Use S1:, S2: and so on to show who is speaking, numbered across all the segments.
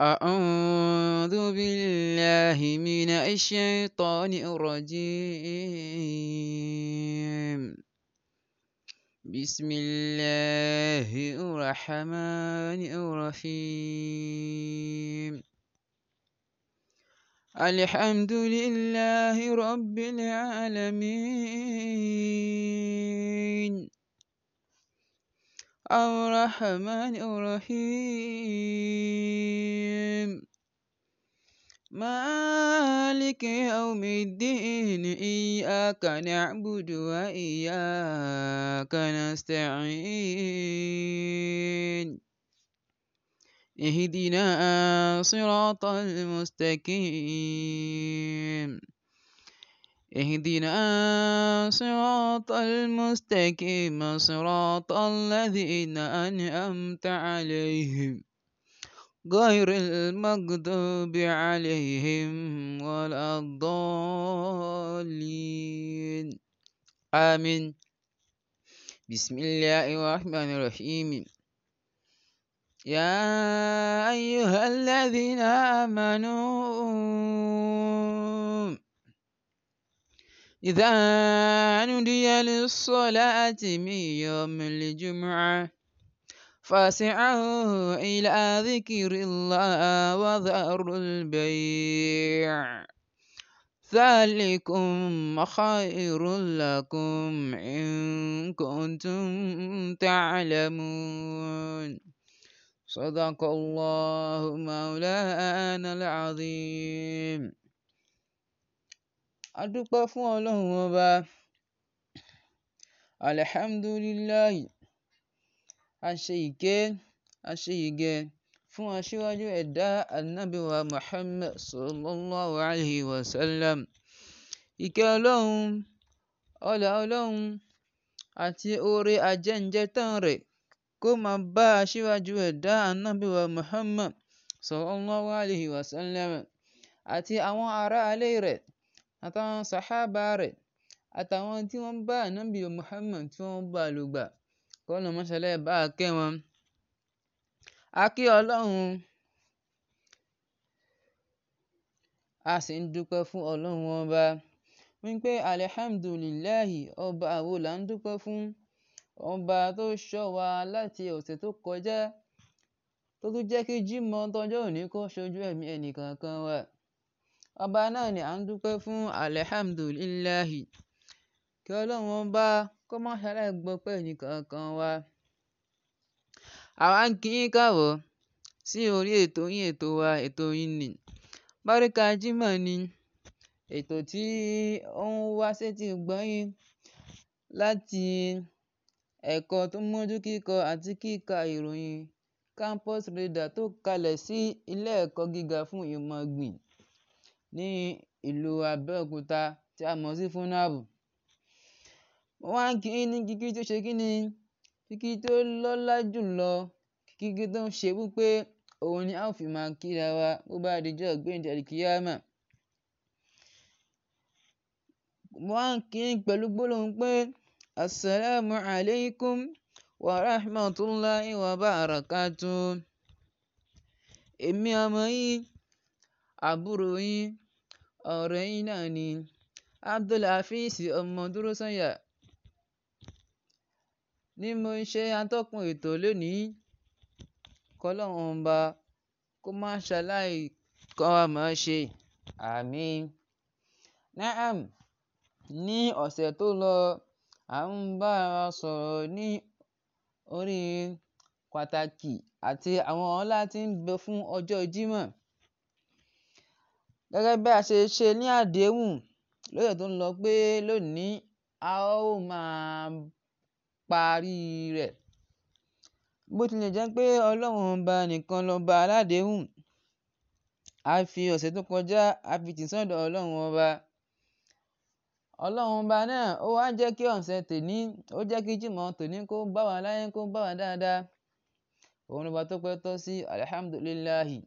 S1: أعوذ بالله من الشيطان الرجيم بسم الله الرحمن الرحيم الحمد لله رب العالمين الرحمن الرحيم مالك يوم الدين إياك نعبد وإياك نستعين اهدنا صراط المستقيم اهدنا صراط المستقيم صراط الذين أنعمت عليهم غير المغضوب عليهم ولا الضالين آمين بسم الله الرحمن الرحيم يا أيها الذين آمنوا إذا نودي للصلاة من يوم الجمعة فاسعوا إلى ذكر الله وذر البيع ذلكم خير لكم إن كنتم تعلمون صدق الله مولانا العظيم A dúpẹ́ fún Ọlọ́run ọba. Alhamdulillahi. A ṣe ìké, a ṣe ìgẹ̀ fún aṣíwájú ẹ̀dá Ànábì wa Muhammad Sallallahu Alaihi Wasallam. Ìkẹ́ Ọlọ́run, ọlá Ọlọ́run àti oore ajẹ́njẹ́tán rẹ̀ kó máa bá aṣíwájú ẹ̀dá Ànábì wa Muhammad Sallallahu Alaihi Wasallam àti àwọn ará alẹ́ rẹ̀ àtàwọn sàhábà rẹ̀ àtàwọn tí wọ́n bá ànábì Muhammad tí wọ́n bá lò gbà kọ́nà mọ́ṣálẹ̀ bá a kẹ́ wọn. a kí ọlọ́run a sì ń dúpẹ́ fún ọlọ́run ọba wípé alihamdulilayi ọba àwo là ń dúpẹ́ fún ọba tó ṣọ́ wa láti ọ̀sẹ̀ tó kọjá tó tún jẹ́ kí Jímọ̀ tọjọ́ òní kó ṣojú ẹ̀mí ẹnìkankan wa. Ọba náà ni à ń dúpẹ́ fún Alhamdulillah. Kí Ọlọ́run Ọba kó má ṣaláì gbọpẹ́ ẹnì kọ̀ọ̀kan wa. Àwa ń kí yín káàbọ̀ sí orí ètò yín ètò wa, ètò yín ni Barika Jimoh ni ètò tí ó ń wá sétí ìgbọ́ yín láti ẹ̀kọ́ tó mójú kíkọ àti kíka ìròyìn Campus Radar tó kalẹ̀ sí ilé ẹ̀kọ́ gíga fún ìmọ̀ ọ̀gbìn ní ìlú Abẹ́òkúta tí a mọ̀ sí FUNAAB. Mo wá kí ní kíkí tó ṣe kí ni? Kíkí tó lọ́lá kíkí tó ń ṣe wípé òun ni a ó fi máa kíra wa bó bá kí pẹ̀lú gbólóhùn pé wa rahmatullahi wa barakatuh". Èmi ọmọ àbúrò yín, ọ̀rẹ́ yín náà ni Abdulhafiz ọmọ Dúróṣànyà ni mo ń ṣe atọ́kùn ètò lónìí. Kọ́lọ́hun ọba kó má ṣaláì kọ́ wa máa ṣe. Àmín. Na'am. Ní ọ̀sẹ̀ tó lọ, à ń bá ara sọ̀rọ̀ ní orí pàtàkì àti àwọn ọlá tí ń bẹ fún ọjọ́ Jímọ̀. Gẹ́gẹ́ bí a ṣe ṣe ní àdéhùn lọ́sẹ̀ tó ń lọ pé lónìí a ó máa parí rẹ̀. Bó tilẹ̀ jẹ́ pé Ọlọ́run ọba nìkan lọba aládèéhùn, a fi ọ̀sẹ̀ tó kọjá a fi tì sọ́dọ̀ Ọlọ́run ọba. Ọlọ́run ọba náà ó wá jẹ́ kí ọ̀sẹ̀ tòní, ó jẹ́ kí Jímọ̀ tòní kó bá wa láyé kó bá wa dáadáa. Òun ni ọba tó pẹ́ tọ́ sí Alhamdulillahi.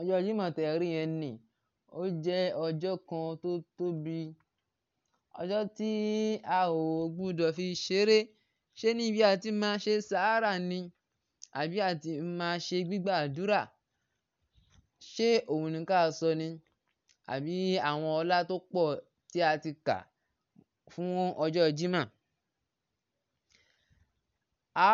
S1: Ọjọ́ Jímọ̀ tẹ rí yẹn ni, ó jẹ́ ọjọ́ kan tó tóbi, ọjọ́ tí a ò gbọdọ̀ fi ṣeré. Ṣé ní bí a máa ṣe sàárà ni? Àbí a ti máa ṣe gbígbàdúrà? Ṣé òun ni ká sọ ni? Àbí àwọn ọlá tó pọ̀ tí a ti kà fún ọjọ́ Jímọ̀? A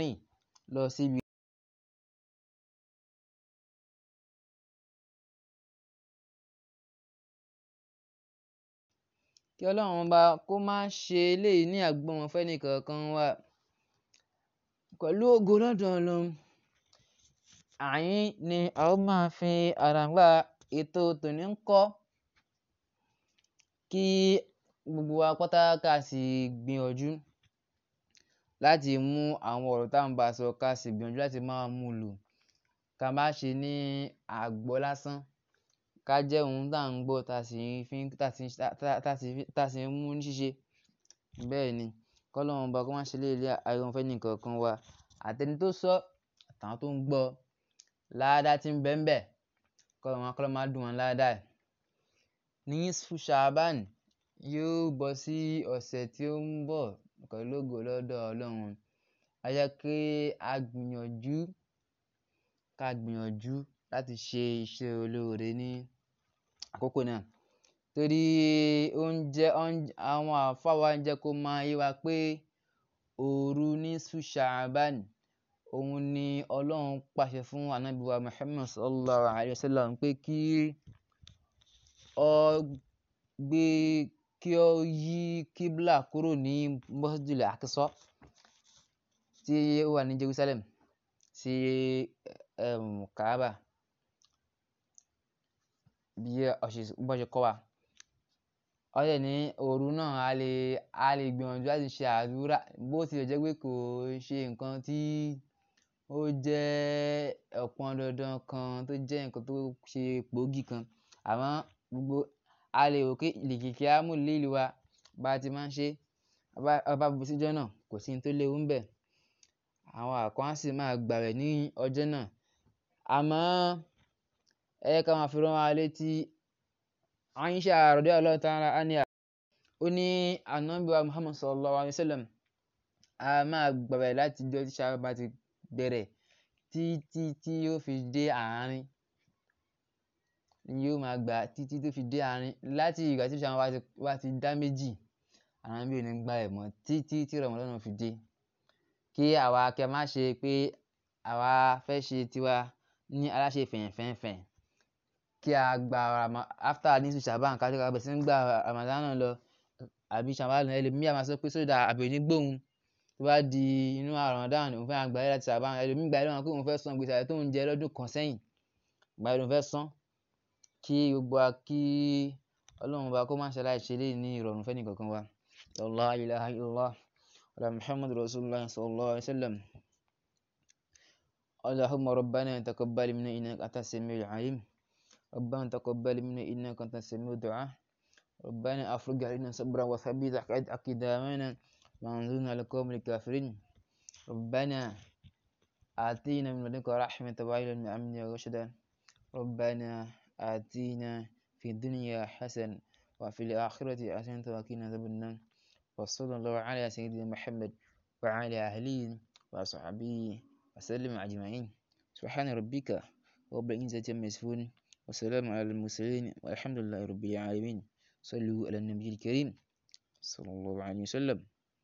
S1: rìn lọ síbi Kí Ọlọ́run Ọba kó má ṣe eléyìí ní àgbọ̀nràn fẹ́ni kankan wa. Pẹ̀lú ògo lọ́dọ̀ Ọlọ́run, àyín ni a ó máa fi àràǹbá ètò tòní kọ́. Kí gbogbo wa sì gbìyànjú láti mú àwọn ọ̀rọ̀ tá à ń bá a sọ ká sì gbìyànjú láti máa mú un lò ká má ṣe ní à ń gbọ́ lásán ká jẹ́ ohun tá à ń gbọ́ tá sì ń fi tá sì mú ní ṣíṣe bẹ́ẹ̀ ni kọ́lọ́run ọba kó má ṣe eléyìí ní àìrọ̀rùn fẹ́nìkọ̀ọ̀kan wa àtẹni tó sọ àtàwọn tó ń gbọ́ láádá tí ń bẹ ńbẹ̀ kọ́lọ́run wa kọ́lọ́run dùn wọn láádá ẹ̀. ní Ṣàbáàn yóò bọ́ sí ọ̀sẹ̀ tí ó ń bọ̀ pẹ̀lú ògo lọ́dọ̀ Ọlọ́run. A jẹ́ kí a gbìyànjú, ká gbìyànjú láti ṣe iṣẹ́ olóore ní àkókò náà torí ó ń jẹ́, àwọn àlùfáà ń jẹ́ kó máa yé wa pé òru nisfu Sha'ban òun ni Ọlọ́run pàṣẹ fún Ànábì wa Muhammad sallallahu alayhi wa sallam pé kí ó gbé kí ó yí Qibla kúrò ní Masjidil Aqsa tí ó wà ní Jerusalem sí um Kaaba bí wọ́n ṣe kọ́ wa. Ó dẹ̀ ní òru náà a lè a lè gbìyànjú láti ṣe àdúrà bó tilẹ̀ jẹ́ pé kò ṣe nǹkan tí ó jẹ́ ọ̀pọn dandan kan tó jẹ́ nǹkan tó ṣe gbòógì kan àmọ́ gbogbo a lè rò pé lìkìkì ámú lílu wa bá ti máa ń ṣe ọba bu síjọ́ náà kò sí ní tó léwu ń bẹ̀ àwọn àkàn á sì máa gbààwẹ̀ ní ọjọ́ náà àmọ́ ẹ jẹ́ ká máa fi rán wa létí Aisha radiyallahu ta'ala anha ó ní Ànábì wa Muhammad wa sallam a máa gbààwẹ̀ láti jọ́ tíṣà bá ti bẹ̀rẹ̀ títí tí ó fi dé àárín yóò máa gbà títí tó fi dé àárín láti ìgbà tí ìṣàmù bá ti dá méjì àwọn mi ò ní gbà ẹ̀ mọ́ títí tí rọ̀mọ́dọ́nù fi dé kí àwa kí a má ṣe pé àwa fẹ́ ṣe tiwa ní aláṣẹ fẹ̀yìnfẹ̀yìnfẹ̀yìn kí a gba rama after nisu shaban ká tó ká bẹ̀rẹ̀ sí ń gba ramadan náà lọ àbí shaban náà ẹlòmíì àmà sọ pé sódà àbí òní gbóhùn tó bá di inú ramadan òun fẹ́ àgbà yẹn láti shaban ẹlòmíì gbà yẹn lọ́wọ́ pé òun fẹ́ san gbèsè àti tóun jẹ lọ́dún kan sẹ́yìn gbà yẹn lòun fẹ́ san kí gbogbo wa kí ọlọ́run bá kó má ṣe láì ṣe lé ní ìrọ̀rùn fẹ́ni kankan wa Allah ilaha illallah ala muhammadu rasulullah sallallahu alaihi wasallam اللهم ربنا تقبل منا إنك أنت السميع العليم ربنا تقبل منا إنك أنت السميع الدعاء ربنا أفرج علينا صبرا وثبت أقدامنا وانظرنا لقوم الكافرين ربنا آتينا من لدنك رحمة وعلم أمنا ورشدا ربنا آتينا في الدنيا حسن وفي الآخرة حسنة وقنا ذبنا وصلى الله على سيدنا محمد وعلى أهله وصحبه وسلم أجمعين سبحان ربك رب العزة عما يصفون وسلام على المرسلين والحمد لله رب العالمين صلوا على النبي الكريم صلى الله عليه وسلم